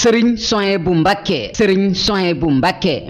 Serigne soye Bumbake Serigne sëriñ soye bu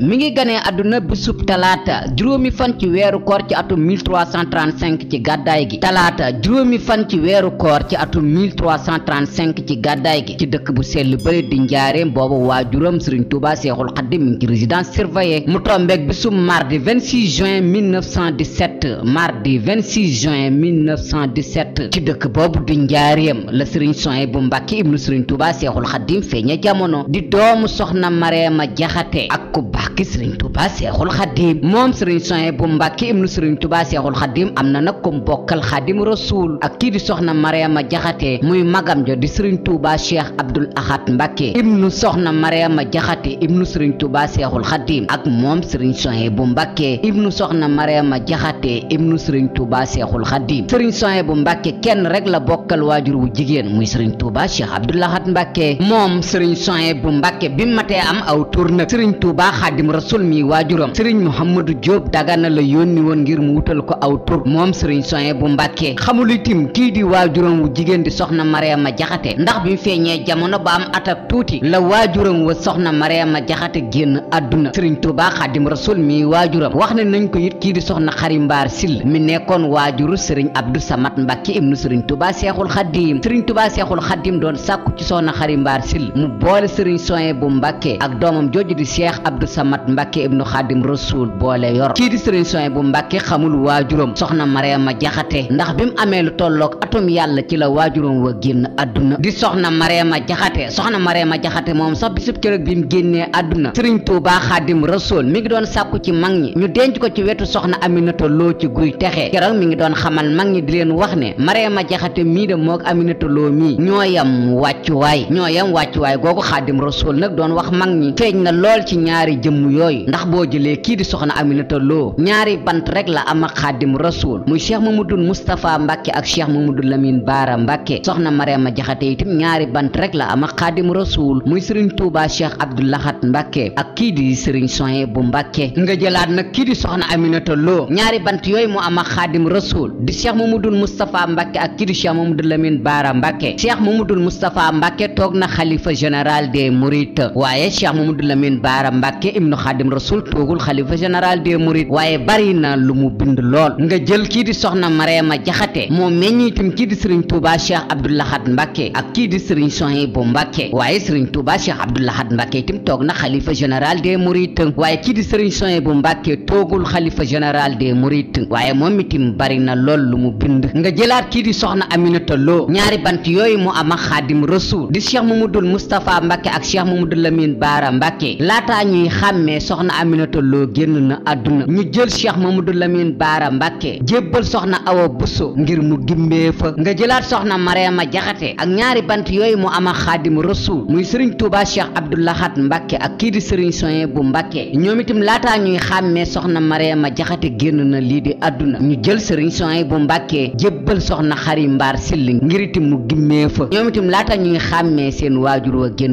mi ngi ganee àdduna bisub talaata juróomi fan ci wéru koor ci atum 1335 ci gàddaay gi talaata juróomi fan ci wéru koor ci atum 1335 ci gàddaay gi ci dëkk bu sell bële di bobu wa waajuram Serigne Touba Cheikhoul Khadim mi ci résidence surveillée mu tombé bisub mardi 26 juin 1917 mardi 26 juin 1917 ci dëkk bobu di njaareem le Serigne soye bu mbàkke Serigne Touba Cheikhoul Khadim feñe jamono di doomu soxna Mareema Jaxate ak ku baax ki sëriñ Tuubaa Seexul Xadiim moom sëriñ Suhaybu Mbàkke ibnu sëriñ Tuubaa Seexul Xadiim am na nag ko mbokkal Xadiim Rasuul ak kii di soxna Mareema Jaxate muy magam jo di sëriñ Tuubaa Cheikh Abdul Ahad Mbàkke ibnu soxna Mareema Jaxate ibnu sëriñ Tuubaa Seexul Xadiim ak moom sëriñ Suhaybu Mbàkke ibnu soxna Mareema Jaxate ibnu sëriñ Tuubaa Seexul Xadiim sëriñ Suhaybu Mbàkke kenn rek la bokkal waajur wu jigéen muy sëriñ Tuubaa Cheikh Abdul Ahad Mbàkke moom sëriñ Souhaïbou bu Mbàkke bi mu matee am aw tur nag sëriñ Tuubaa Xaadim Rasul mi waajuram sëriñ Mouhamadou Diop Dagana la yónni woon ngir mu wutal ko aw tur moom sëriñ Souhaïbou bu Mbàkke xamul itam kii di waajuram wu jigéen di soxna Mariama Jaxate ndax bi mu feeñee jamono ba am at tuuti la waajuram wa soxna Mariama Jaxate génn àdduna sëriñ Tuubaa Xaadim Rasul mi waajuram wax ne nañ ko yit kii di soxna Xari Mbaar Sill mi nekkoon waajuru sëriñ Abdou Samad Mbàkke ibnu sëriñ Tuubaa Seexul Xaadim sëriñ Tuubaa Seexul Xaadim doon sàkku ci soxna Xari Mbaar Sill boole sëriñ soyen bu mbàkke ak doomam jooju di cheikh abdou samat mbàkke ibnu xaadim rasul boole yor kii di sëriñ soyen bu mbàkke xamul waajuram soxna mariama jaxate ndax bi mu amee lu tolloog atum yàlla ci la waajuram wa génn àdduna di soxna mariama jaxate soxna mariama jaxate moom sax bisub cërëg bi mu génnee àdduna sëriñ tuubaa xaadim rasul mi ngi doon sàkku ci mag ñi ñu denc ko ci wetu soxna aminata loo ci guy texe keroog mi ngi doon xamal mag ñi di leen wax ne mariama jaxate mii de moog aminata loo mii ñoo yam wàccuwaay ñoo yam wàccuwaay googu khadim rasul nak doon wax mag ñi feñ na lol ci ñaari jëm yoy ndax bo jëlé ki di soxna aminata lo ñaari bant rek la am ak rasul muy cheikh mamadou mustapha mbake ak cheikh mamadou lamine bara mbake soxna mariama jaxate itim ñaari bant rek la am ak rasul muy serigne touba cheikh abdoulahat mbake ak ki di serigne soye bu mbake nga jëlat nak ki di soxna aminata lo ñaari bant yoy mu am ak rasul di cheikh mamadou mustapha mbake ak ki di cheikh mamadou lamine bara mbake cheikh mamadou mustapha mbake tok na khalifa general général des Mourides waaye Cheikh Mamadou Lamine Baara Mbacke ibnu Xaadim Rasul toogul xalifa général des Mourides waaye bari na lu mu bind lool nga jël kii di soxna Mareema Jaxate moo meññ itam kii di Serigne Touba Cheikh Abdou Lahad Mbacke ak kii di Serigne Souhaïbou Mbacke waaye Serigne Touba Cheikh Abdou Lahad Mbacke itam toog na xalifa général des Mourides waaye kii di Serigne Souhaïbou Mbacke toogul xalifa général des Mourides waaye moom itam bari na lool lu mu bind nga jëlaat kii di soxna Aminata Lo ñaari bant yooyu mu ama Xaadim Mbacke ak Cheikh Mamadou Lamine Baara Mbacke laataa ñuy xàmmee soxna Aminata Lo génn na àdduna ñu jël ma Mamadou Lamine Baara Mbacke jébbal soxna Awa Bousso ngir mu gimbee fa nga jëlaat soxna Mariama Jaxate ak ñaari bant yooyu mu ama Xaadimu Rasuul muy Serigne Touba Cheikh Abdou Lahad ak kii di Serigne Soye bu Mbacke ñoom itam laataa ñuy xàmmee soxna Mariama Jaxate génn na lii di àdduna ñu jël Serigne Soye bu Mbacke jébbal soxna Xari Mbaar Sill ngir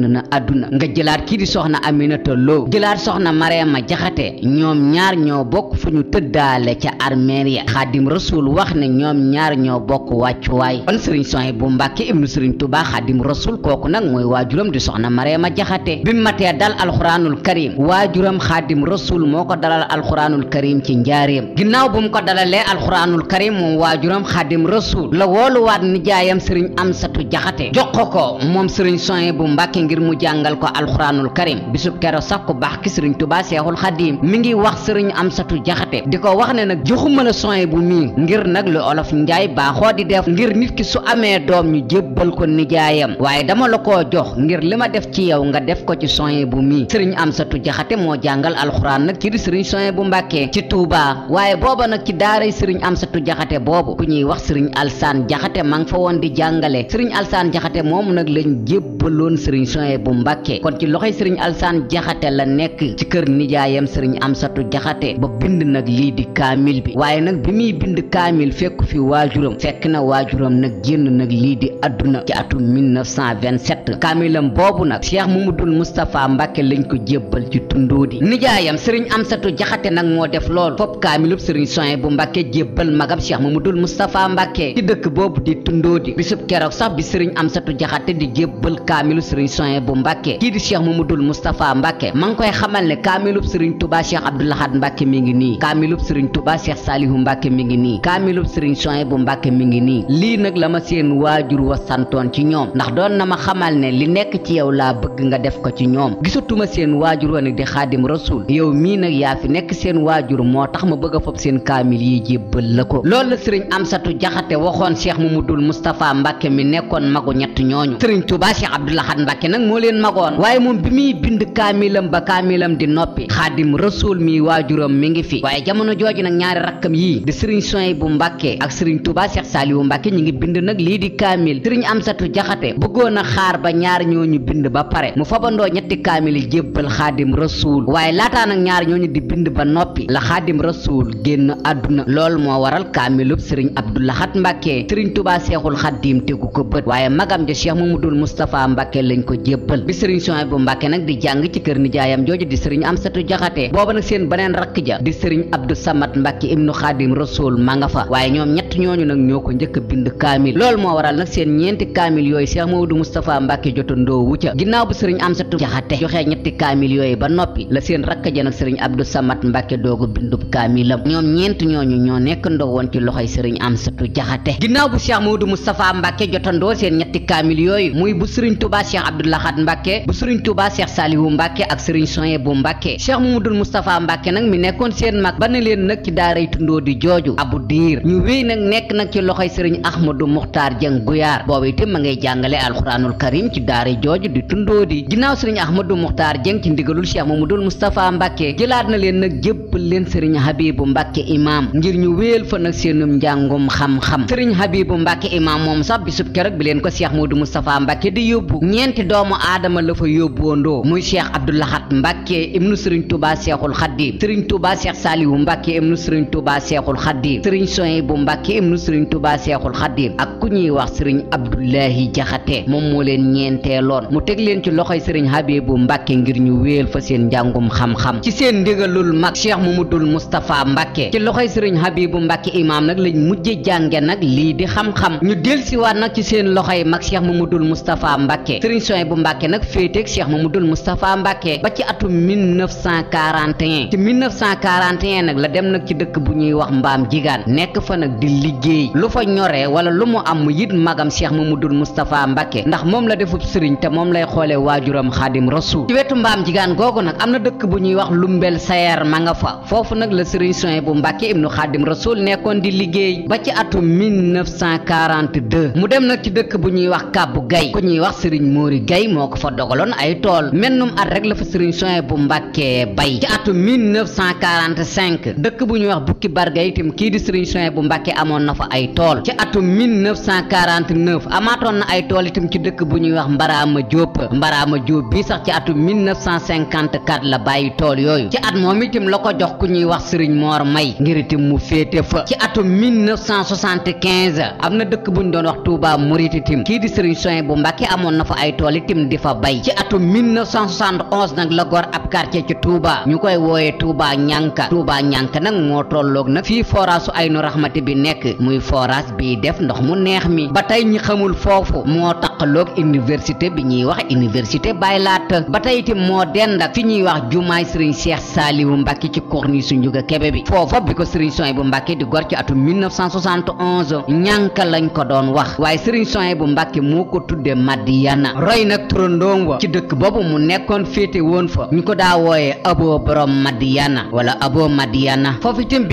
génn na àdduna nga jëlaat kii di soxna Aminata Lo jëlaat soxna Mariama Jaxate ñoom ñaar ñoo bokk fu ñu tëddaale ca armeel ya xaadim rasul wax ne ñoom ñaar ñoo bokk wàccuwaay kon sëriñ soxna bu mbàkke ibnu sëriñ tubaa xaadim rasul kooku nag mooy waajuram di soxna Mariama Jaxate bi matee dal alxuraanul karim waajuram xaadim rasul moo ko dalal alxuraanul karim ci njaareem ginnaaw bu mu ko dalalee alxuraanul karim moom waajuram xaadim rasul la wooluwaat nijaayam sëriñ Amsatu Jaxate jox ko ko moom sëriñ ngir mu jàngal ko alxuraanul karim bisub kero sax ku baax ki sëriñ tubaa seexul xadiim mi ngi wax sëriñ amsatu jaxate di ko wax ne nag joxuma la soin bu mii ngir nag lu olof njaay baaxoo di def ngir nit ki su amee doom ñu jébbal ko nijaayam waaye dama la ko jox ngir li ma def ci yow nga def ko ci soin bu mii sëriñ amsatu jaxate moo jàngal alxuraan nag ci di sëriñ soin bu mbàkkee ci tuubaa waaye booba nag ci daaray sëriñ amsatu jaxate boobu ku ñuy wax sëriñ alsaan jaxate ma nga fa woon di jàngale sëriñ alsaan jaxate moom nag lañ Sohaybu bu Mbàkke kon ci loxoy sëriñ Alsaan Jaxate la nekk ci kër nijaayam sëriñ Amsatu Jaxate ba bind nag lii di kaamil bi waaye nag bi muy bind kaamil fekk fi waajuram fekk na waajuram nag génn nag lii di adduna ci atum 1927 kaamilam boobu nag Cheikh Mamadul Moustapha Mbàkke lañ ko jébbal ci tundoodi nijaayam sëriñ Amsatu Jaxate nag moo def loolu fopp kaamilub sëriñ Sohaybu bu Mbàkke jébbal magam Cheikh Mamadul Moustapha Mbàkke ci dëkk boobu di tundoodi bisub keroog Souhaïbou bu Mbàkke kii di Cheikh Mamadul Moustapha Mbàkke ma ngi koy xamal ne kaamilub Serigne Touba Cheikh Abdoul Ahad Mbàkke mi ngi nii kaamilub Serigne Touba Cheikh Salihu Mbàkke mi ngi nii kaamilub Serigne Souhaïbou Mbàkke mi ngi nii lii nag la ma seen waajur wa santoon ci ñoom ndax doon na ma xamal ne li nekk ci yow laa bëgg nga def ko ci ñoom gisatuma seen waajur wa nag di xaadim rasul yow mii nag yaa fi nekk seen waajur moo tax ma bëgg a fob seen kaamil yi jébbal la ko lool la Serigne Amsatu Jaxate waxoon Cheikh mu mu Mbàkke mi nekkoon magu ñett ñooñu nak mo len magoon waye mom bi mi bind kamilam ba kamilam di nopi. Khadim rasul mi wajuram mi ngi fi waye jamono joji nak ñaari rakam yi de serigne soy bu mbàkke ak serigne touba cheikh saliou mbàkke ñi ngi bind nak li di kaamil sëriñ amsatu jaxate bëggona xaar ba ñaar ñoñu bind ba pare mu fabando ñetti kamil yi rasul waye lata nak ñaar ñoñu di bind ba nopi la khadim rasul genn aduna lol mo waral serigne Abdullah hat mbàkke serigne touba cheikhul khadim te ko bët waye magam de cheikh mamadou mustapha mbàkke lañ ko jeppal bi sëriñ Souhaïbou mbake nak di jang ci ni nijaayam jojo di am Amsatu Jaxate bobu nak seen benen rak ja di serigne Abdou Samad mbake ibnu khadim rasoul ma nga fa waaye ñooñu nak ñoko ñëk bind kamil lool mo waral nak seen ñenti kamil yoy cheikh mamadou moustapha mbàkke jotandoo wu ca ginnaaw bu sëriñ amsatu jaxate joxe ñetti kamil yoy ba nopi la seen rakk ja nag abdou samat mbacke dogu bindub kami ñom ñent ñooñu ño nek ndo won ci loxoy sëriñ amsatu jaxate ginnaaw bu cheikh mamadou moustapha mbàkke jotandoo seen ñetti kamil yoy muy bu serigne touba cheikh lahad mbacke bu serigne touba cheikh salihu mbacke ak serigne soye bu mbacke cheikh mamadou mustapha mbacke nak mi nekkon seen mak ban leen nak ci daaray tundo di abu Dir ñu wey nak nekk nag ci loxoy sëriñ Ahmadou Muxtaar Jëng Guyaar boobu itam ma ngay jàngale alxuraanul karim ci daara jooju di tundoodi ginnaaw sëriñ Ahmadou Muxtaar Jëng ci ndigalul Cheikh Mamadul Moustapha Mbàkke jëlaat na leen nag jébbal leen sëriñ Habibu Mbàkke imaam ngir ñu wéel fa nag seenum njàngum xam-xam sëriñ Habibu Mbàkke imaam moom sax bisub keroog bi leen ko seex Cheikh Mamadou Moustapha Mbàkke di yóbbu ñeenti doomu aadama la fa yóbboondoo muy Cheikh Abdou Lahat Mbàkke ibnu sëriñ Touba Cheikhul Xaddim sëriñ Touba Cheikh Saliwu Mbàkke ibnu sëriñ Touba mbàkke ibnu serigne touba cheikhul khadim ak ku wax serigne abdullahi jaxate mom mo leen ñeenteeloon mu teg leen ci loxoy serigne habibu mbàkke ngir ñu wéel fa seen jangum xam-xam ci seen ndegalul Mustafa cheikh mamadul mustafa mbàkke ci loxoy serigne habibu mbàkke imam nak lañ mujjé jangé nak li di xam-xam ñu delsiwaat nak ci seen loxoy mak cheikh mamadul mustafa mbake serigne soye bu nak nag ak cheikh mamadul Mustafa mbàkke ba ci atum 1941 ci 1941 nag la dem nag ci dëkk bu ñuy wax mbam jigan nek fa nag di liggéey lu fa ñoree wala lu mu am yit magam cheikh mamadul moustapha mbàkke ndax moom la defub sëriñ te moom lay xoole waajuram xaadim rasul ci wetu mbaam jigaan googu nag am na dëkk bu ñuy wax lumbel sayer ma nga fa foofu nag la sëriñ soin bu mbàkke ibnu xaadim rasul nekkoon di liggéey ba ci atum 1942 mu dem nag ci dëkk bu ñuy wax kàbbu gay ku ñuy wax sëriñ móori gay moo ko fa dogaloon ay tool mennum at rek la fa sëriñ soin bu mbàkke bay ci atum 1945 dëkk bu ñuy wax bukki amoon na fa ay tool ci atum 1949 amaatoon na ay tool itam ci dëkk bu ñuy wax Mbaraama Diop Mbaraama Diop bii sax ci atum 1954 la bàyyi tool yooyu ci at moom itam la ko jox ku ñuy wax Serigne Mor May ngir itam mu féete fa ci atum 1975 am na dëkk bu ñu doon wax Touba Mouride itam kii di Serigne Soin bu Mbacke amoon na fa ay tool itam di fa bay ci atum 1971 nag la gor ab quartier ci Touba ñu koy wooyee Touba Ñanka Touba Ñanka nag moo tolloog nag fii foraasu Aynu Rahmati bi nekk. nekk muy forage bi def ndox mu neex mi ba tey ñi xamul foofu moo taqaloog université bi ñuy wax université baylaat ba tey itam moo dend ak fi ñuy wax jumaay sëriñ Cheikh Saliou Mbacke ci corniche su Ndiouga Kébé bi foofa bi ko sëriñ bu Mbacke di gor ci atum 1971 ñànka lañ ko doon wax waaye sëriñ bu Mbacke moo ko tudde Madiyana roy nag turandoom wa ci dëkk boobu mu nekkoon féete woon fa ñu ko daa wooye Abo borom Madiyana wala Abo Madiyana foofu itam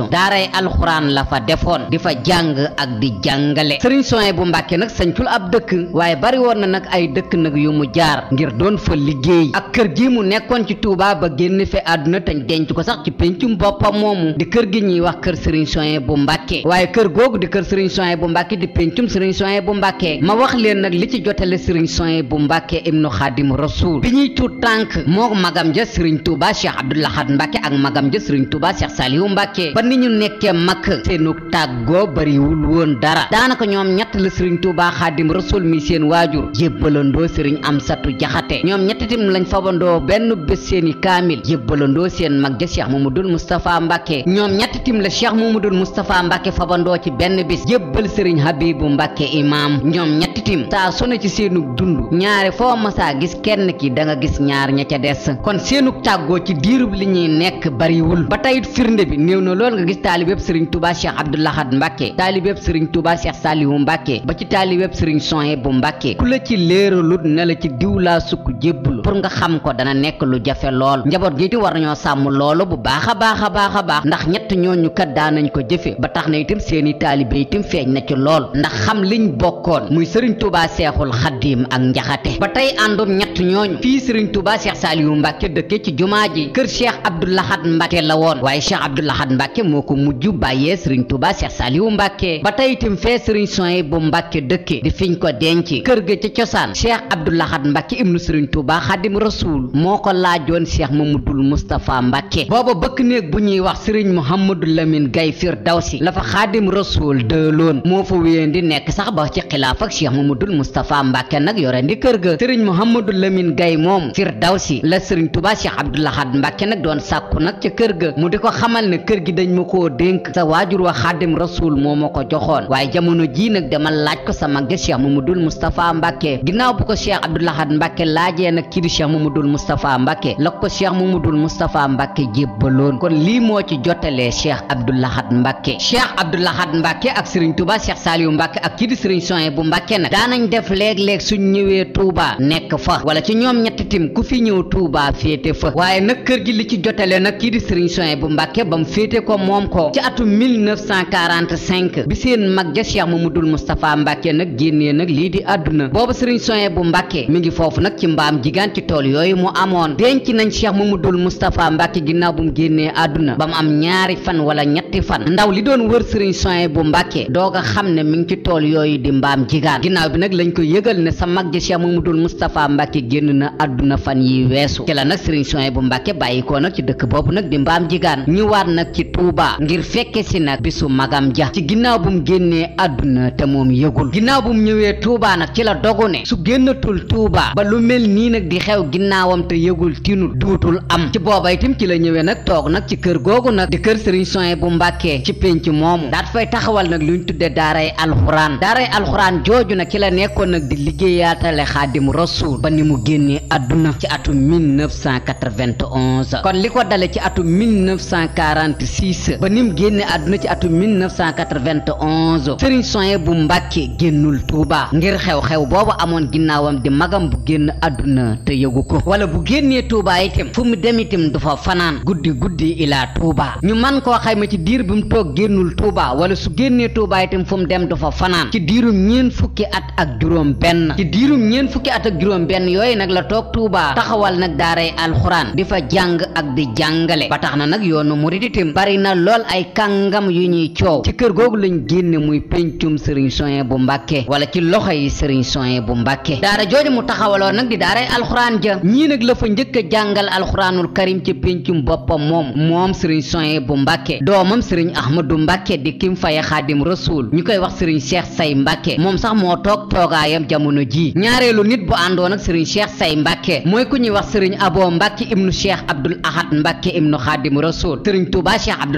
maison daaray alxuraan la fa defoon di fa jàng ak di jàngale sëriñ soin bu mbàkke nag sañcul ab dëkk waaye bari woon na nag ay dëkk nag yu mu jaar ngir doon fa liggéey ak kër gi mu nekkoon ci Touba ba génn fi àdduna te denc ko sax ci péncum boppam moomu di kër gi ñuy wax kër sëriñ soin bu mbàkke waaye kër googu di kër sëriñ soin bu mbàkke di péncum sëriñ soin bu mbàkke ma wax leen nag li ci jotale sëriñ soin bu mbàkke ibnu xaadim rasul bi ñuy tuut tànk moo magam ja sëriñ Touba Cheikh Abdoul Ahad Mbàkke ak magam ja sëriñ Touba ni ñu nekkee mag seenu tàggoo bariwul woon dara daanaka ñoom ñett la sëriñ Tuubaa Xaadim Rasuul mi seen waajur yébbalandoo sëriñ Amsatu Jaxate ñoom ñett itam lañ fabandoo benn bés seeni kaamil yébbalandoo seen mag ja Cheikh Mamadul Moustapha Mbàkke ñoom ñett itam mu Cheikh Mamadul Moustapha Mbàkke fabandoo ci benn bis jébbal sëriñ Habibu Mbàkke imaam ñoom ñett itam saa sone ci seenug dund ñaari foo masaa gis kenn ki danga gis ñaar ña ca des kon seenug tàggoo ci diirub li nekk bariwul bëgg a gis taalibeb sëriñ Touba Cheikh Abdou Lahad ba ci taalibeb sëriñ Soye bu Mbacke ku la ci léeralut ne la ci diw laa sukk jébbalu pour nga xam ko dana nekk lu jafe lool njaboot gi war nañoo sàmm loolu bu baax a baax a baax a baax ndax ñett ñooñukat kat daanañ ko jëfe ba tax na itam seeni taalibe itam feeñ na ci lool ndax xam liñ bokkoon muy sëriñ Touba Seexul Xaddiim ak njaxate ba tey àndum ñett ñooñu fii sëriñ Touba Cheikh Saliou Mbacke dëkke ci jumaa ji kër Cheikh Abdou Lahad Mbacke la moo ko mujj bàyyee sëriñ Tuuba Seex Saaliwu Mbàkke ba tey itam fee sëriñ soye bu Mbàkke dëkke di fiñ ko denc kër ga ca cosaan Cheikh Abdou Lahad Mbàkke ibnu sëriñ Tuuba Xaadim Rasuul moo ko laajoon Cheikh Mamadul Moustapha Mbàkke booba bëkk néeg bu ñuy wax sëriñ Mouhamadou Lamine Gay Firdawsi la fa Xaadim Rasuul dëloon moo fa wéen di nekk sax ba ci xilaaf ak Cheikh Mamadul Moustapha Mbàkke nag yore ndi kër ga sëriñ Mouhamadou Lamine Gay moom Firdawsi la nag doon sàkku kër ga mu di ko xamal ne kër gi dañ ma koo dénk sa waajur wa xaadim rasul moo ma ko joxoon waaye jamono ji nag dama ko sa mag ja cheikh mamadul moustapha mbàkke ginnaaw bu ko cheikh abdoulahad mbàkke laajee nag kii di cheikh mamadul moustapha mbàkke la ko cheikh mamadul moustapha mbàkke jébbaloon kon lii moo ci jottalee cheikh abdoulahad mbàkke cheikh abdoulahad mbàkke ak sëriñ touba cheikh saliou mbàkke ak kii di sëriñ soye bu mbàkke nag daanañ def léeg-léeg suñ ñëwee touba nekk fa wala ci ñoom ñetti tim ku fi ñëw touba féete fa waaye nag kër gi li ci moom ko ci atum 1945 bi seen mag ja Cheikh Mamadou Moustapha Mbacke nag génnee nag lii di àdduna boobu sëriñ Soye bu Mbacke mi ngi foofu nag ci mbaam jigaan ci tool yooyu mu amoon denc nañ mu Cheikh Mamadou Moustapha Mbacke ginnaaw bu mu génnee àdduna ba mu am ñaari fan wala ñetti fan ndaw li doon wër sëriñ Soye bu Mbacke doog a xam ne mi ngi ci tool yooyu di mbaam jigaan ginnaaw bi nag lañ ko yëgal ne sa mag mu Cheikh Mamadou Moustapha Mbacke génn na àdduna fan yi weesu ci la nag sëriñ Soye bu Mbacke bàyyi nag ci dëkk boobu nag di mbaam jigaan Touba ngir fekke si nag bi bisu magam ja ci ginnaaw bu mu génnee àdduna te moom yëgul ginnaaw bu mu ñëwee Touba nag ci la dogu ne su génnatul Touba ba lu mel nii nag di xew ginnaawam te yëgul tinul duutul am ci booba itam ci la ñëwee nag toog nag ci kër googu nag di kër Serigne Soye bu Mbàkke ci penc moomu daat fay taxawal nag luñ tudde daaray alxuraan daaray alxuraan jooju nag ci la nekkoon nag di liggéeyaatale xaadimu rasuul ba ni mu génnee àdduna ci atum 1991 kon li ko six ba nim génne àdduna ci atum 1991 Serigne Soye bu Mbàkke génnul Touba ngir xew-xew booba amoon ginnaawam di magam bu génn àdduna te yëgu ko wala bu génnee Touba itam fu mu dem itam du fa fanaan guddi guddi illaa Touba ñu man koo xayma ci diir bi mu toog génnul Touba wala su génnee Touba itam fu mu dem du fa fanaan ci diirum ñeen fukki at ak juróom benn ci diirum ñeen fukki at ak juróom benn yooyu nag la toog Touba taxawal nag daaray alxuraan di fa jàng ak di jàngale na lool ay kàngam yu ñuy coow ci kër googu lañ génne muy pencum sëriñ soye bu mbàkke wala ci loxo yi sëriñ soye bu mbàkke daara jooju mu taxawaloo nag di daaray alxuraan ja ñii nag la fa njëkk a jàngal alxuraanul karim ci pencum boppam moom moom sëriñ soye bu mbàkke doomam sëriñ ahmadu mbàkke di kim faye xaadim rasuul ñu koy wax sëriñ seex say mbàkke moom sax moo toog toogaayam jamono jii ñaareelu nit bu àndoon ak sëriñ cheikh say mbàkke mooy ku ñuy wax sëriñ abo mbàkke ibnu cheikh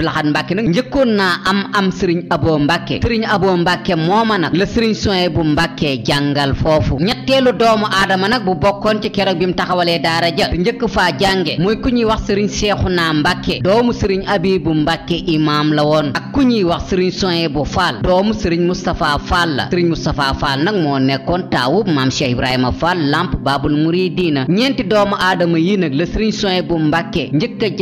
Abdoulahat Mbàkke nag njëkkoon naa am am sëriñ Abo Mbàkke sëriñ Abo Mbàkke mooma nag la sëriñ bu Mbàkke jàngal foofu ñetteelu doomu aadama nag bu bokkoon ci keroog bi mu taxawalee daara ja te njëkk faa jànge mooy ku ñuy wax sëriñ Seexuna Mbàkke doomu sëriñ Abibu Mbàkke imaam la woon ak ku ñuy wax sëriñ Souhaïbou Fall doomu sëriñ Moustapha Fall la sëriñ Moustapha Fall nag moo nekkoon taawu maam Cheikh Ibrahima Fall lamp baabul muridiina ñeenti doomu aadama yi nag la sëriñ Souhaïbou Mbàkke njëkk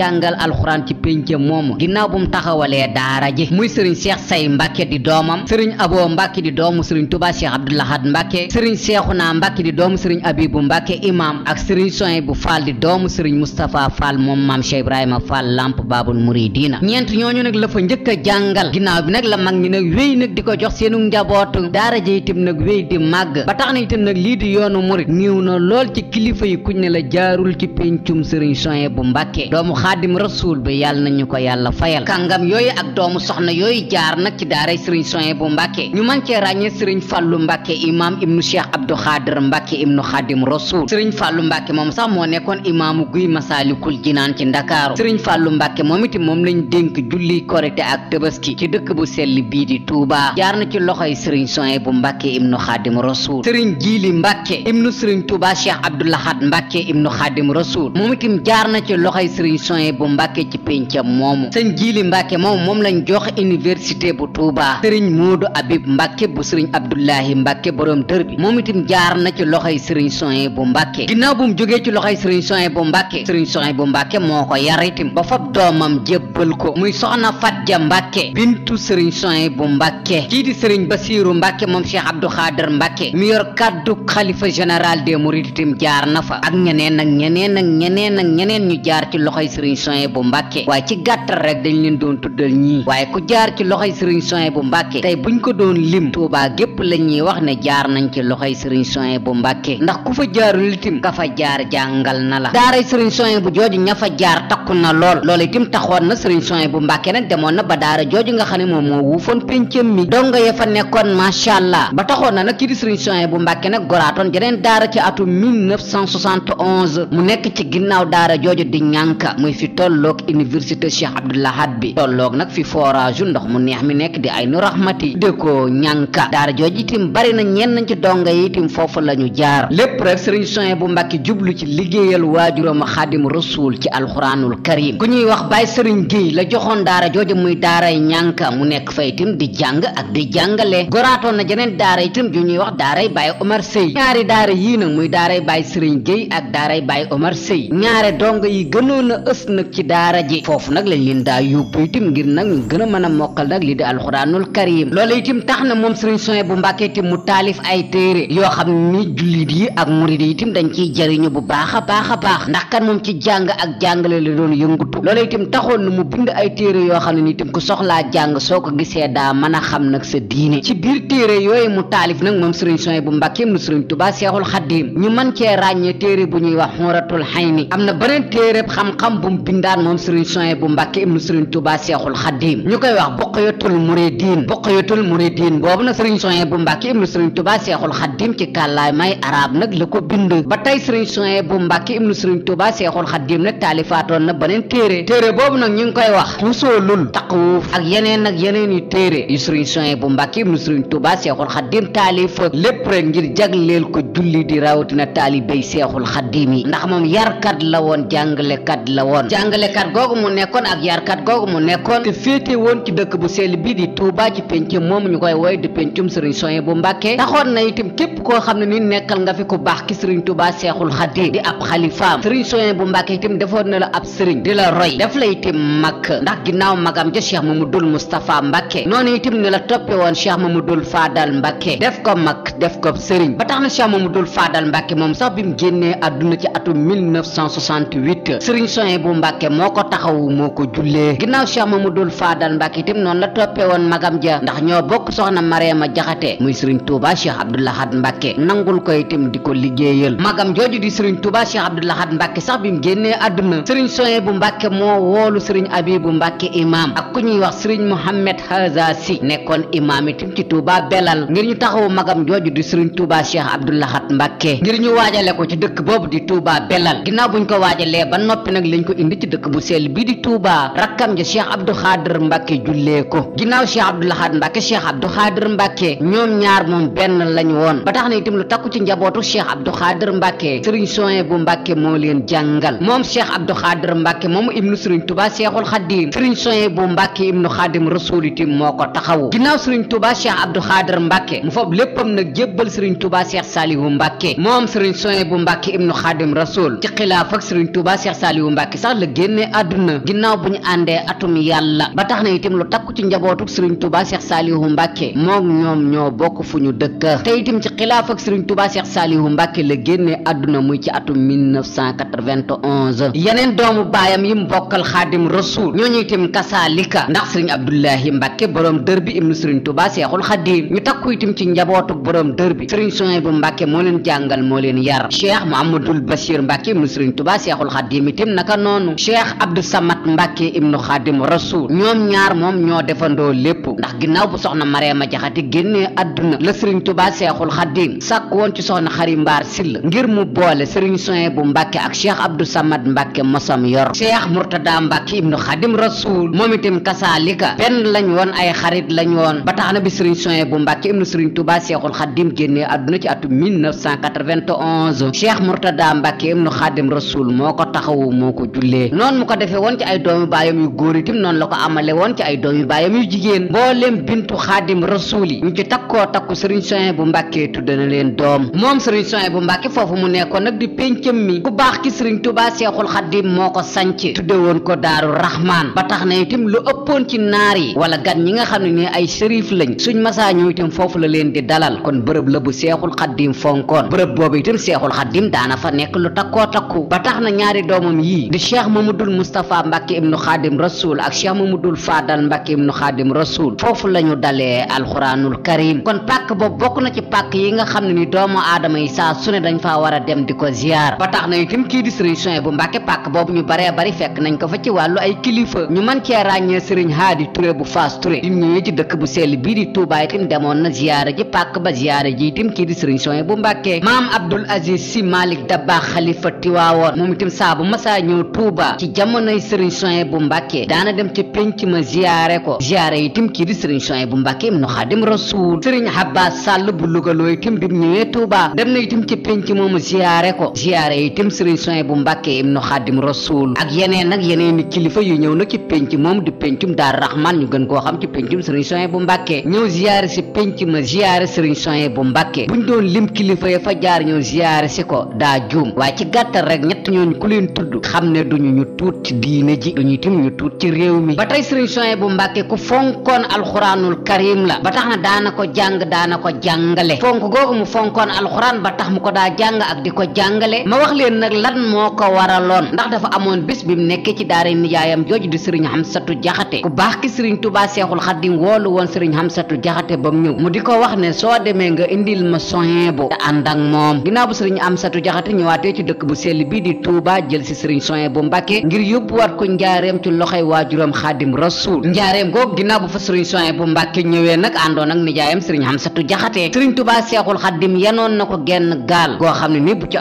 a bu mu taxawalee daara ji muy sëriñ seex say mbàkke di doomam sëriñ aboo mbàkke di doomu sëriñ tuba seex abdulahat mbàkke sëriñ seexuna mbàkke di doomu sëriñ bu mbàkke imam ak sëriñ soy bu faal di doomu sëriñ mustapha faal moom maam cheikh ibrahima faal lamp baabul muridina ñeent ñooñu nag la fa njëkk a jàngal ginnaaw bi nag la mag ñi nag wéy nag di ko jox seenu njabootu daara ji itam nag wéy di màgg ba tax na itam nag lii di yoonu murit ñiw na lool ci kilifa yi kuñ ne la jaarul ci péncum sëriñ bu mbàkke doomu xaadim rasuul bi ko yàlla kàngam yooyu ak doomu soxna yooyu jaar nag ci daaray sëriñ soye bu mbàkke ñu man cee ràññee sëriñ fàllu mbàkke imam ibnu cheikh abdou xaadir mbàkke ibnu xaadim rasul sëriñ fàllu mbàkke moom sax moo nekkoon imaamu guy masaalikul jinaan ci ndakaaru sëriñ fàllu mbàkke moom it moom lañ julli korite ak tëbaski ci dëkk bu sell bii di tuubaa jaar na ci loxoy sëriñ soye bu mbàkke ibnu xaadim rasul sëriñ jiili mbàkke ibnu sëriñ tuubaa cheikh abdoulahat mbàkke ibnu xaadim rasul moom itam jaar na ci loxoy sëriñ soye bu mbàkke jiili mbàkke moom moom lañ jox université bu Touba sëriñ Moodu Abib Mbàkke bu sëriñ Abdullahi Mbàkke borom dër moom itam jaar na ci loxo sëriñ Soye bu Mbàkke ginnaaw bu mu jógee ci loxoy sëriñ Soye bu Mbàkke sëriñ moo ko yar itam ba fab doomam jébbal ko muy soxna Fatja Mbàkke bintu sëriñ Soye bu Mbàkke kii di sëriñ Basiiru Mbàkke moom Cheikh Abdou Khader Mbàkke mi yor kàddu xalifa général des Mourides itam jaar na fa ak ñeneen ak ñeneen ñeneen ñu jaar ci loxoy sëriñ Soye bu Mbàkke waaye ci gàttal dañ leen doon tuddal ñii waaye ku jaar ci loxoy sëriñ soin bu mbàkke tey buñ ko doon lim tuubaa gépp la wax ne jaar nañ ci loxoy sëriñ ku fa jaarul itim ka na la daaray sëriñ soin bu jooju ña fa jaar takku na lool loolu itim taxoon na sëriñ soin bu mbàkke nag demoon na ba daara jooju nga xam ne moom moo wuufoon péncam mi donga ya fa nekkoon macha ba taxoon na nag kii di sëriñ soin bu mbàkke nag goraatoon jeneen daara ci atum 1971 mu nekk ci ginnaaw daara jooju di ñànka muy fi tolloog université Cheikh Abdoulaye at bi tolloog nag fi forage ndox mu neex mi nekk di ay nu raxmati dëkkoo ñànka daara jooju itam bari na ñenn ci dongo yi itam foofu la ñu jaar lépp rek sëriñ soin bu mbakki jublu ci liggéeyal waajuram xaadim rasuul ci alxuraanul karim ku ñuy wax baay sëriñ géey la joxoon daara jooju muy daaray ñànka mu nekk fa itam di jàng ak di jàngale goraatoon na jeneen daara itam ju ñuy wax daaray baay omar sëy ñaari daara yii nag muy daaray bàyyi sëriñ géey ak daaray baay omar sëy ñaare dong yi gënoon nag ci daara ji foofu nag lañ yóbbu itam ngir nag ñu gën a mën a mokkal nag li di alxuraanul karim loolu itam tax na moom sëriñ soe bu mbàkke itam mu taalif ay téere yoo xam ni jullit yi ak murid yi itam dañ ciy jariñu a a baax ndax na mu a xam nag mu taalif nag moom sëriñ soe bu mbàkke mu sëriñ tubaa seexul xaddiim ñu mën cee ràññee téere bu ñuy wax xuratul xayni am na beneen téere xam-xam bu mu bindaan moom sëriñ soe bu mbàkke ibnu sëriñ Serigne Touba Seexul Xaddiim ñu koy wax buqyatul muridin buqyatul muridin boobu nag Serigne Souhaïbou Mbacké ibnu nag la ko bind ba tey Serigne Souhaïbou Mbacké ibnu Serigne Touba Seexul Xaddiim nag taalifaatoon na beneen téere téere boobu nag ñu ngi koy wax fusoolul taqawuuf ak yeneen ak yeneen yu Seexul Xaddiim taalif lépp rek ngir jagleel ko julli di rawatina taalibey Seexul Xaddiim yi ndax moom yarkat la woon jàngalekat la woon jàngalekat googu mu nekkoon ak yarkat googu mu nekkoon te féete woon ci dëkk bu sell bi di Touba ci pencum moom ñu koy woy di pencum Serigne Soye bu Mbàkke taxoon na itam képp koo xam ne ni nekkal nga fi ku baax ki Serigne Touba Seexul Xadiim di ab xalifaam Serigne Soye bu Mbàkke itam defoon na la ab sëriñ di la roy def la itam mag ndax ginnaaw magam ja Cheikh Mamadul Moustapha Mbàkke noonu itam ne la toppe woon Cheikh Mamadul Faadal Mbàkke def ko mag def ko Serigne ba tax na Cheikh Mamadul Faadal Mbàkke moom sax bi mu génnee àdduna ci atum 1968 Serigne Soye bu Mbàkke moo ko taxawu moo ko jullee ginnaw cheikh mamadou fadal mbak itam noonu la topé won magam ja ndax ño bok soxna mariama jaxate muy serigne touba cheikh abdullah had mbake nangul ko itam diko ko liggéeyal magam joju di serigne touba cheikh abdullah had mbake sax bim genné aduna serigne soye bu mbake mo wolu serigne abibu mbake imam ak kuñuy wax serigne mohammed haza si nekkoon imam itam ci touba belal ngir ñu taxaw magam joju di serigne touba cheikh abdullah had mbake ngir ñu waajale ko ci dëkk bobu di touba belal ginnaw buñ ko waajalee ba nopi nak lañ ko indi ci dëkk bu sel bi di touba rakkam xam nga cheikh abdou xaadir mbàkke jullee ko ginnaaw cheikh abdou lahad mbàkke ñoom ñaar moom benn lañ woon ba tax na itam lu takku ci njabootu cheikh abdou xaadir mbàkke sëriñ soye bu mbàkke moo leen jàngal moom cheikh abdou xaadir mbàkke moomu ibnu sëriñ tuba seexul xadim sëriñ soye bu mbàkke ibnu xaadim rasul itam moo ko taxawu ginnaaw sëriñ tuba cheikh abdou xaadir mbàkke mu fab léppam nag jébbal sëriñ tuba cheikh salihu mbàkke moom sëriñ soye bu m ibnu xaadim rasul ci xilaaf ak sëriñ tuba cheikh salihu mbàkke sax la génne àdduna ginnaaw bu ñu atum yàlla ba tax na itam lu takku ci njabootuk sëriñ Touba Cheikh Salihu Mbacke moom ñoom ñoo bokk fu ñu dëkk te itam ci xilaaf ak sëriñ Touba Cheikh Salihu Mbacke la génnee àdduna muy ci atum 1991 yeneen doomu baayam yi mu bokkal xaadim rasul ñooñu itam kasaalika ndax sëriñ Abdoulahi Mbacke borom dër bi ibnu sëriñ Touba Cheikhul Xadim ñu takku itam ci njabootuk borom dër bi sëriñ Souhaïbou Mbacke moo leen jàngal moo leen yar Cheikh Mouhamadoul Bachir Mbacke ibnu sëriñ Touba Cheikhul Xadim xaadimu rasuul ñoom ñaar moom ñoo defandoo lépp ndax ginnaaw bu soxna Mariama Jaxate génnee àdduna la sëriñ Tuubaa Seexul Xadiim sàkk woon ci soxna Xari Mbaar Silla ngir mu boole sëriñ Suhaybu Mbàkke ak Cheikh Abdou Samad Mbàkke mosam yor Cheikh Murtada Mbàkke ibnu Xadim Rasuul moom itam kasaalika benn lañ woon ay xarit lañ woon ba tax na bi sëriñ Suhaybu Mbàkke ibnu sëriñ Tuubaa Seexul Xadiim génnee àdduna ci atu 1991 Cheikh Murtada Mbàkke ibnu Xadim Rasuul moo ko taxawu moo ko jullee noonu mu ko defee woon ci ay doomu baayam yu góor itam noonu la ko amale woon ci ay doomi baayam yu jigéen mbooleem bintu xaadim rasuul yi ñu ci takkoo takku sëriñ soin bu mbàkkee tudde na leen doom moom sëriñ soin bu mbàkke foofu mu nekkoon nag di péncam mi ku baax ki sëriñ tubaa seexul xaadim moo ko sanc tudde woon ko daaru raxmaan ba tax na itam lu ëppoon ci naar yi wala gan ñi nga xam ne ni ay sërif lañ suñ masaa ñëw itam foofu la leen di dalal kon bërëb la bu seexul xaadim fonkoon bërëb boobu itam seexul xaadim daana fa nekk lu takkoo takku ba tax na ñaari doomam rasul ak cheikh mamadul faadal mbàkke ibnu xaadim rasul foofu la ñu dalee alxuraanul karim kon pàkk boobu bokk na ci pàkk yi nga xam ne ni doomu aadama yi saa su ne dañ faa war a dem di ko ziar ba tax na itam kii di sëriñ Suhaybu Mbàkke pàkk boobu ñu baree bari fekk nañ ko fa ci wàllu ay kilifa ñu mën cee ràññee sëriñ Haadi Touré bu Faas Touré di ñëwee ci dëkk bu sell bii di Touba itam demoon na ziyaara ji pàkk ba ziyaara ji itam kii di sëriñ Mbàkke daana dem ca penc ma ziyaare ko ziyaare itam kii di sëriñ Suhaybu Mbàkke ibnu Xaadim Rasuul sëriñ Abbas Sàll bu lugaloo itam bi mu ñëwee Tuuba dem na itam ca penc moomu ziyaare ko ziyaare itam sëriñ Suhaybu Mbàkke ibnu Xaadim Rasuul ak yeneen nag yeneen i kilifa yu ñëw na ci penc moom di pencum Daar Rahman ñu gën koo xam ci pencum sëriñ Suhaybu Mbàkke ñëw ziyaare si penc ma ziyaare sëriñ Suhaybu Mbàkke buñ doon lim kilifa ya fa jaar ñëw ziyaare si ko daa juum waaye ci gàttal rek ñett ñooñu ku xam surtout ci réew mi ba tey sëriñ soye bu mbàkke ku fonkoon alxuraanul karim la ba tax na daana ko jàng daana ko jàngale fonk googu mu fonkoon alxuraan ba tax mu ko daa jàng ak di ko jàngale ma wax leen nag lan moo ko waraloon ndax dafa amoon bis bi mu nekkee ci daara nijaayam jooju di sëriñ xamsatu jaxate ku baax ki sëriñ tubaa seexul xaddim woolu woon sëriñ xamsatu jaxate ba mu ñëw mu di wax ne soo demee nga indil ma soin bu te ànd ak moom ginnaaw bu sëriñ xamsatu jaxate ñëwaatee ci dëkk bu sell bii di tuubaa jël si sëriñ soin bu mbàkke ngir yóbbuwaat ko njaareem ci loxoy waajuram xaadim rasul njaareem goog ginnaaw bu fa sëriñ soin bu mbàkke ñëwee nag àndoon ak nijaayam sëriñ xamsatu jaxate sëriñ tubaa seexul xaddim yanoon na xam ne ni bu ci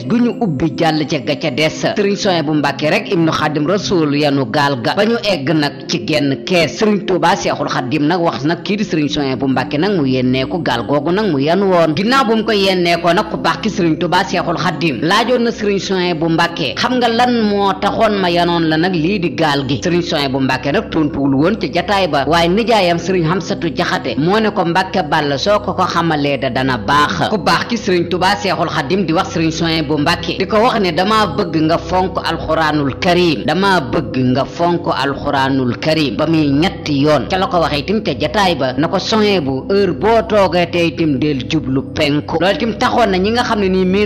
sëriñ bu jàll ca ga ca des sëriñ bu mbàkke rek ibnu xaadim rasul yanu gaal ga ba ñu nag ci genn kees sëriñ tubaa seexul xaddim nag wax nag kii di sëriñ soin bu mbàkke nag mu yennee ko gaal googu nag mu yan woon ginnaaw bu mu ko yennee ko nag ku baax ki sëriñ tubaa Tuubaa Seexul Xaddiim laajoon na Sëriñ Suhaybu bu Mbàkke xam nga lan moo taxoon ma yanoon la nag lii di gaal gi Sëriñ Suhaybu bu Mbàkke nag tontuwul woon ci jataay ba waaye nijaayam Sëriñ Xamsatu Jaxate moo ne ko Mbàkke Bàll soo ko ko xamalee da dana baax ku baax ki Sëriñ Tuubaa Seexul Xaddiim di wax Sëriñ Suhaybu bu Mbàkke di ko wax ne damaa bëgg nga fonk alxuraanul karim damaa bëgg nga fonk alxuraanul karim ba muy ñetti yoon ca la ko waxee itam te jataay ba na ko Suhaybu heure boo toogee tey itam del jublu penku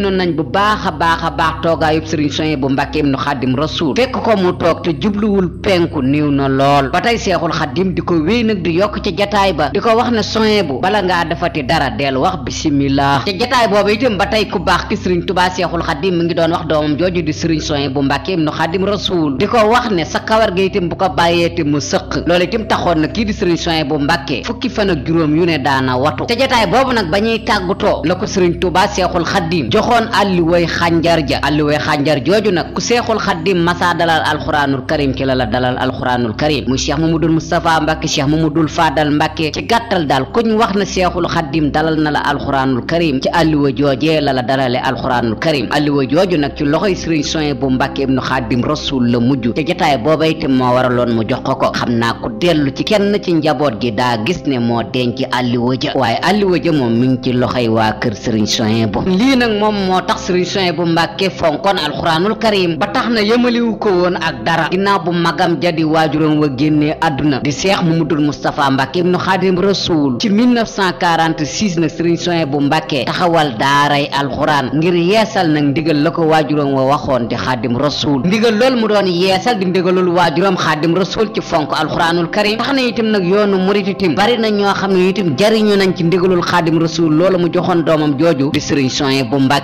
miinoon nañ bu baax a baax a baax toogaayub sëriñ soye bu mbàkke ibnu xaadim rasuul fekk ko mu toog te jubluwul penku niiw na lool ba tey seexul xaadim di ko wéy nag di yokk ci jataay ba di ko wax ne soye bu bala ngaa defati dara deel wax bisimilah ca jataay boobu ba tey ku baax ki tubaa seexul xaadim mi ngi doon wax doomam jooju di sëriñ soye bu mbàkke ibnu xaadim rasuul di ko wax ne sa kawar ga itam bu ko bàyyee te mu sëq loolu itam taxoon na kii di sëriñ soye bu mbàkke fukki fan ak juróom yu ne daana watu ca jataay boobu nag ba ñuy tàggutoo la ko sëriñ tubaa seexul xaadim joxoon way xanjar ja way xanjar joju nak ku sheikhul khadim masaa dalal alxuraanul karim ci la la dalal alxuraanul karim mu sheikh mamadou mustafa mbake sheikh mamadou fadal mbake ci gàttal dal kuñ wax na seexul xaddim dalal na la alxuraanul karim ci way joojee la la dalale alxuraanul karim way joju nak ci loxoy serigne soye bu mbake ibnu khadim rasul la mujj te jotaay bobay itam mo waralon mu jox ko ko xam ku delu ci kenn ci njabot gi da gis ne mo denci denc way ja waaye way ja mom mi ngi ci loxoy wa keur serigne soye bu li nak moom moom moo tax sëriñ Souhaïbou Mbàkke fonkoon alxuraanul karim ba tax na yëmaliwu ko woon ak dara ginnaaw bu magam ja di waajuram wa génnee àdduna di seex Mamadul Moustapha Mbàkke ibnu Xaadim Rasuul ci 1946 nag sëriñ Souhaïbou Mbàkke taxawal daaray alxuraan ngir yeesal nag ndigal la ko waajuram wa waxoon di Xaadim Rasuul ndigal loolu mu doon yeesal di ndigalul waajuram Xaadim Rasuul ci fonk alxuraanul karim tax na itam nag yoonu murit bari na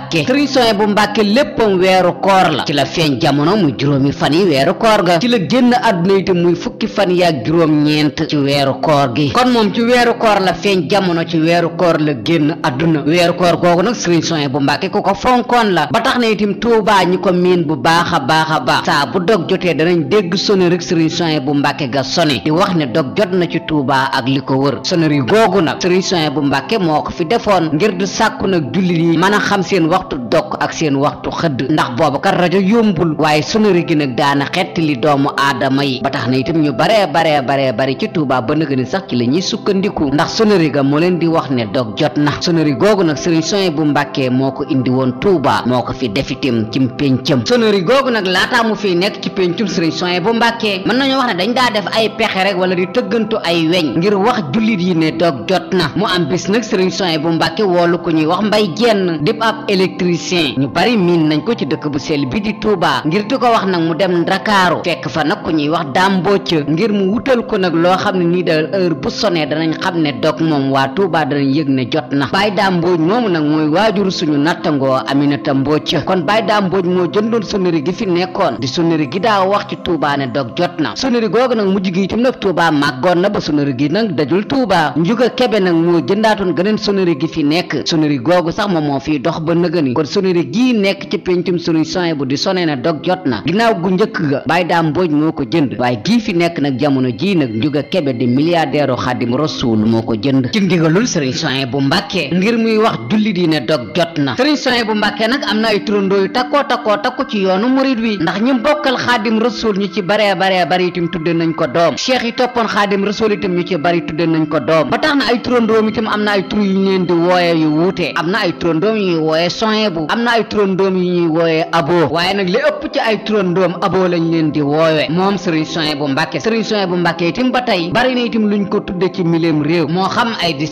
mbàkke sëriñ soye bu mbàkke léppam weeru koor la ci la feeñ jamono mu juróomi fan yi weeru koor ga ci la génn àdduna itam muy fukki fan yaag juróom ñeent ci weeru koor gi kon moom ci weeru koor la feeñ jamono ci weeru koor la génn àdduna weeru koor googu nag sëriñ soye bu mbàkke ku ko fonkoon la ba tax na itam tuubaa ñi ko miin bu baax a baax a saa bu dog jotee danañ dégg sone rek sëriñ soye bu mbàkke ga sone di wax ne dog jot na ci tuubaa ak li waxtu dok ak seen waxtu nak ndax bobu kat rajo yombul waye sunu rigi nag daana li doomu adama yi ba tax na itam ñu bare bare bare bare ci Touba ba ni sax ci la ñuy sukkandiku ndax sunu riga mo leen di wax ne dog jot na sonori gogu nak serigne soye bu mbacke moko indi won Touba moko fi defitim ci sunu sonori gogu nak laata mu fi nek ci pencum serigne soye bu mbacke man nañu wax ne dañ da def ay pexe rek wala di tëggantu ay weñ ngir wax julit yi ne dog jot na mu am bis nak serigne soye bu mbacke wolu ko ñuy wax mbay genn dip ap électricien ñu bari miin nañ ko ci dëkk bu sell bi di Touba ngir di ko wax nag mu dem Ndakaaru fekk fa nag ku ñuy wax dàmbocc ngir mu wutal ko nag loo xam ne nii da heure bu sonné danañ xam ne dog moom waa Touba danañ yëg ne jot na Baye Dame Mbodj moomu nag mooy waajur suñu nattangoo Aminata Mbodj kon Baye Dame Mbodj moo jëndoon sonnerie gi fi nekkoon di sonnerie gi daa wax ci Touba ne dog jot na sonnerie googu nag mujj gi itam nag Touba màggoon na ba sonnerie gi nag dajul Touba njuga kebe nag moo jëndaatoon geneen sonnerie gi fi nekk sonnerie googu nëgëni kon sonore gii nekk ci pencum sunuy soen bu di sone ne dog jot na ginnaaw gu njëkk ga bàyyi daa mbooj moo ko jënd waaye gii fi nekk nag jamono jii nag Ndiouga Kébé di milliardaire Xaadim Rasuul moo ko jënd ci ndigalul sëriñ soen bu Mbàkke ngir muy wax jullit yi ne dog jot na sëriñ soen bu Mbàkke nag am na ay turandoo yu takkoo takkoo takku ci yoonu murit wi ndax ñi bokkal Xaadim Rasuul ñu ci baree baree bari itam tudde nañ ko doom cheikh yi toppoon ba tax na ay turandoom itam am na soin bu am na ay turandoom yu ñuy wooyee aboo waaye nag li ëpp ci ay turandoom aboo lañ leen di woowee moom sëriñ soin bu mbàkke sëriñ soin bu mbàkke itam ba tey bari na itam luñ ko tudde ci miléem ay de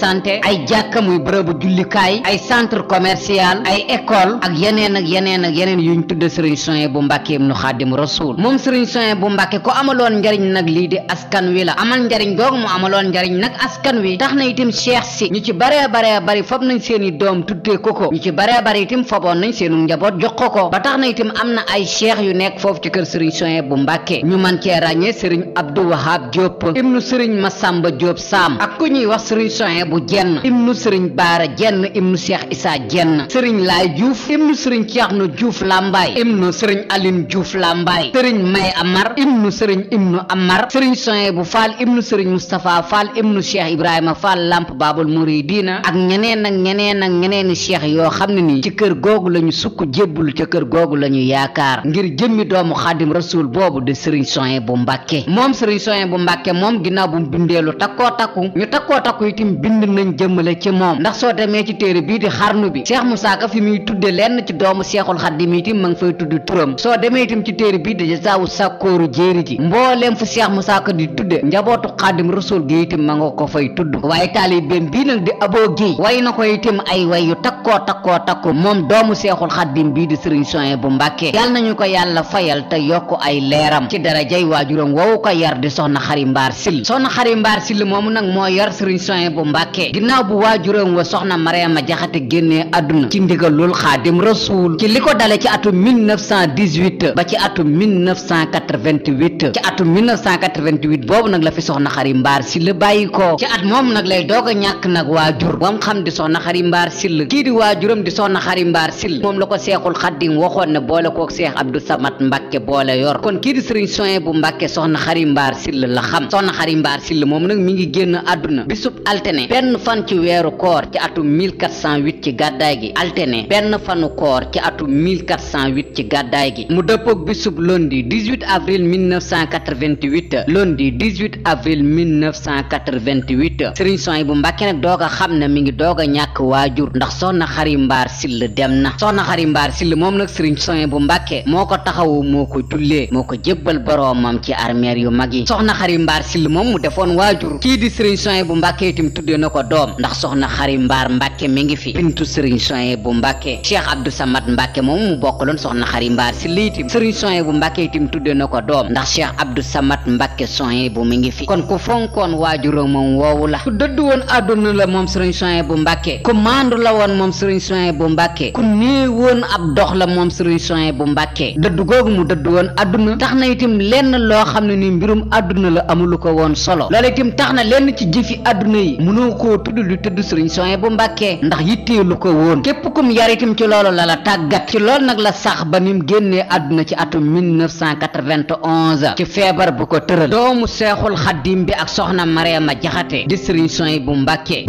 santé ay jàkka muy bërëbu jullikaay ay centre commercial ay école ak yeneen ak yeneen ak yeneen yuñ tudde sëriñ soin bu mbàkke ibnu xaadim rasul moom sëriñ soin bu mbàkke ko amaloon njariñ nag lii di askan wi la amal njariñ googu mu amaloon njariñ nag askan wi tax na itam cheikh si ñu ci bare bare bari fab nañ seeni doom tuddee ko ko ñu ci baree bare itam foboon nañ seenu njaboot jox ko ba tax na itam am na ay cheikh yu nekk foofu ci kër sëriñ soye bu mbàkke ñu man cee ràññee sëriñ abdou wahab diop sëriñ masamba diop saam ak ku ñuy wax sëriñ soye bu jenn ibnu sëriñ baara jenn ibnu cheikh isaa jenn sëriñ laay diouf ibnu sëriñ ceerno diouf lambaay ibnu sëriñ aline diouf lambaay sëriñ may amar ibnu sëriñ ibnu amar sëriñ soye bu faal ibnu sëriñ mustapha faal ibnu cheikh yeneeni cheikh yoo xam ne ni ci kër googu la ñu sukk jébbalu ca kër googu la ñu yaakaar ngir jëmmi doomu xaadim rasul boobu di sëriñ soye bu mbàkke moom sëriñ soye bu mbàkke moom ginnaaw bu mu bindee lu takkoo takku ñu takkoo takku itam bind nañ jëmmale ci moom ndax soo demee ci téere bii di xarnu bi cheikh mu Ka fi muy tudde lenn ci doomu seexul xaadim itam ma nga fay tudd turam soo demee itam ci téere bii di saawu sàkkooru jéeri ji mbooleem fu cheikh Moussa Ka di tudde njabootu xaadim rasul gi itam ma ko fay tudd seere yu takkoo takkoo takku moom doomu seexul xaddim bii di sëriñ Souhaïbou Mbacké yal nañu ko yàlla fayal te yokk ay leeram ci darajay waajuram woowu ko yar di soxna xari mbaar sill soxna xari mbaar sill moomu nag moo yar sëriñ Souhaïbou Mbacké ginnaaw bu waajuram wa soxna Mariama Jaxate génnee àdduna ci ndigalul xaadim rasuul ci li ko dale ci atum 1918 ba ci atum 1988 ci atum 1988 boobu nag la fi soxna xari mbaar sill bàyyi ko ci at moom nag lay doog a ñàkk nag waajur sill kii di waajuram di soxna xari mbaar sill moom la ko seexul xaddim waxoon ne boole kook seex abdou samat mbàkke boole yor kon kii di sëriñ soin bu mbàkke soxna xari mbaar sill la xam soxna xari mbaar sill moom nag mi ngi génn àdduna bisub altene benn fan ci weeru koor ci atum 1408 ci gàddaay gi altene benn fanu koor ci atum 1408 ci gàddaay gi mu dëppoog bisub lundi 18 avril 1988 lundi 18 avril 1988 sëriñ soin bu mbàkke nag doog a xam ne mi ngi doog a ñàkk waajur ndax soxna xari mbaar sill dem na soxna xari mbaar sill moom nag sëriñ soin bu mbàkke moo ko taxawu moo ko jullee moo ko jébbal boroomam ci armeer yu mag yi soxna xari mbaar sill moom mu defoon waajur kii di sëriñ soin bu mbàkke itam tuddee na ko doom ndax soxna xari mbaar mbàkke mi ngi fi bintu sëriñ soin bu mbàkke cheikh abdou samad mbàkke moom mu bokkaloon soxna xari mbaar sill itam sëriñ soin bu mbàkke itam tuddee na ko doom ndax cheikh abdou samad mbàkke soin bu mi ngi fi kon ku fonkoon waajuram moom woowu la ku dëdd la woon moom sëriñ Souhaïbou Mbàkke ku nii woon ab dox la moom sëriñ Souhaïbou Mbàkke dëddu googu mu dëdd woon adduna tax na itam lenn loo xam ne ni mbirum adduna la amulu ko woon solo loolu itam tax na lenn ci jëfi àdduna yi mënoo koo tudd lu tudd sëriñ bu Mbàkke ndax yitteelu ko woon képp kum yar itam ci loolu la la tàggat ci loolu nag la sax ba nim génnee adduna ci atum 1991 ci feebar bu ko tëral doomu seexul xaddim bi ak soxna Mariama Jaxate di sëriñ Souhaïbou Mbàkke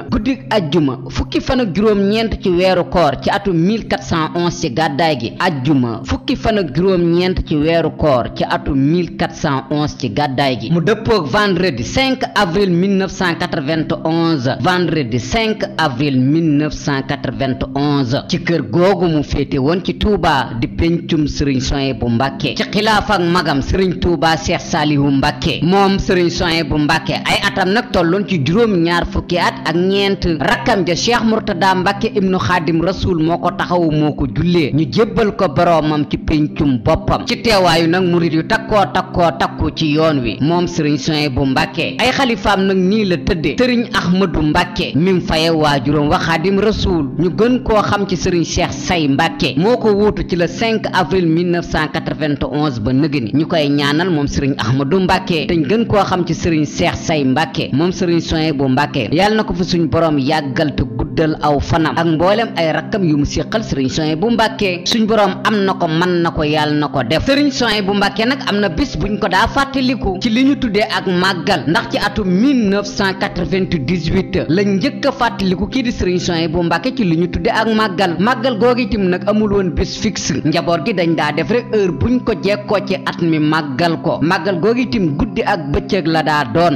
na guddik ajjuma fukki fan ak juróom-ñeent ci weeru koor ci atum 1411 ci gàddaay gi ajjuma fukki fan ak juróom-ñeent ci weeru koor ci atum 1411 ci gàddaay gi mu dëppoog vendredi 5 avril 1991 vendredi 5 avril 1991 ci kër googu mu féete woon ci Touba di pencum Serigne Souhaïbou Mbacké ci xilaaf ak magam Serigne Touba Cheikh Salihu Mbacké moom Serigne Souhaïbou Mbacké ay atam nag tolloon ci juróom ñaar fukki at ak ñeent rakkam ja cheikh murtada mbàkke ibnu xaadim rasul moo ko taxawu moo ko jullee ñu jébbal ko boroomam ci péncum boppam ci teewaayu nag murit yu takkoo takkoo takku ci yoon wi moom sëriñ soen bu mbàkke ay xalifaam nag nii la tëddee sëriñ ahmadu mbàkke mim waa waajuram wa xaadim rasul ñu gën koo xam ci sëriñ cheikh say mbàkke moo ko wuutu ci le 5 avril 1991 ba nëgëni ñu koy ñaanal moom sëriñ ahmadu mbàkke te ñu gën koo xam ci sëriñ cheikh say mbàkke moom sëriñ soen suñ borom yàggal te guddal aw fanam ak mboolem ay rakkam yu mu séqal sëriñ Souhaïbou Mbàkke suñ borom am na ko man na ko yàlla na ko def sëriñ Souhaïbou Mbàkke nag am na bis buñ ko daa fàttaliku ci li ñu tuddee ak màggal ndax ci atum 1998 lañ njëkk a fàttaliku kii di sëriñ bu Mbàkke ci li ñu tudde ak màggal màggal googu tim nag amul woon bis fixe njaboot gi dañ daa def rek heure buñ ko jekkoo ci at mi màggal ko màggal googu tim guddi ak bëccëg la daa doon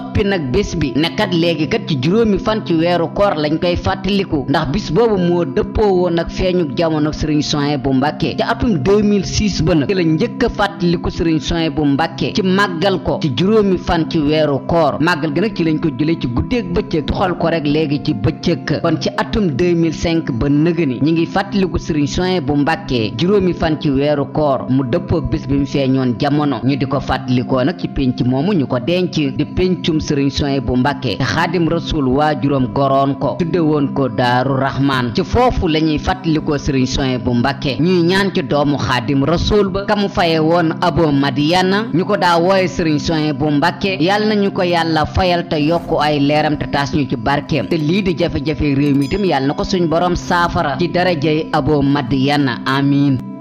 noppi nag bés bi ne léegi kat ci juróomi fan ci weeru koor lañ koy fàttaliku ndax bis boobu moo dëppoo woon ak feeñuk jamono sëriñ soin bu mbàkke ci atum 2006 ba nag ci la njëkk a fàttaliku sëriñ soin bu mbàkke ci màggal ko ci juróomi fan ci weeru koor màggal gi nag ci lañ ko jëlee ci guddeeg bëccëg tuxal ko rek léegi ci bëccëg kon ci atum 2005 ba nëgëni ñi ngi fàttaliku sëriñ soin bu mbàkke juróomi fan ci weeru koor mu dëppoog bés bi mu feeñoon jamono ñu di ko fàttalikoo nag ci pénc moomu ñu ko denc di pénc pencum sëriñ bu Mbàkke te xaadim rasul waajuram goroon ko tudde woon ko daaru raxmaan ci foofu la ñuy fàttalikoo sëriñ bu Mbàkke ñuy ñaan ci doomu xaadim rasul ba kamu faye woon abo madiyana ñu ko daa wooye sëriñ bu Mbàkke yàlla nañu ko yàlla fayal te yokku ay leeram te taas ñu ci barkeem te lii di jafe-jafe réew mi yàlla na ko suñ borom saafara ci darajey abo madiyana amin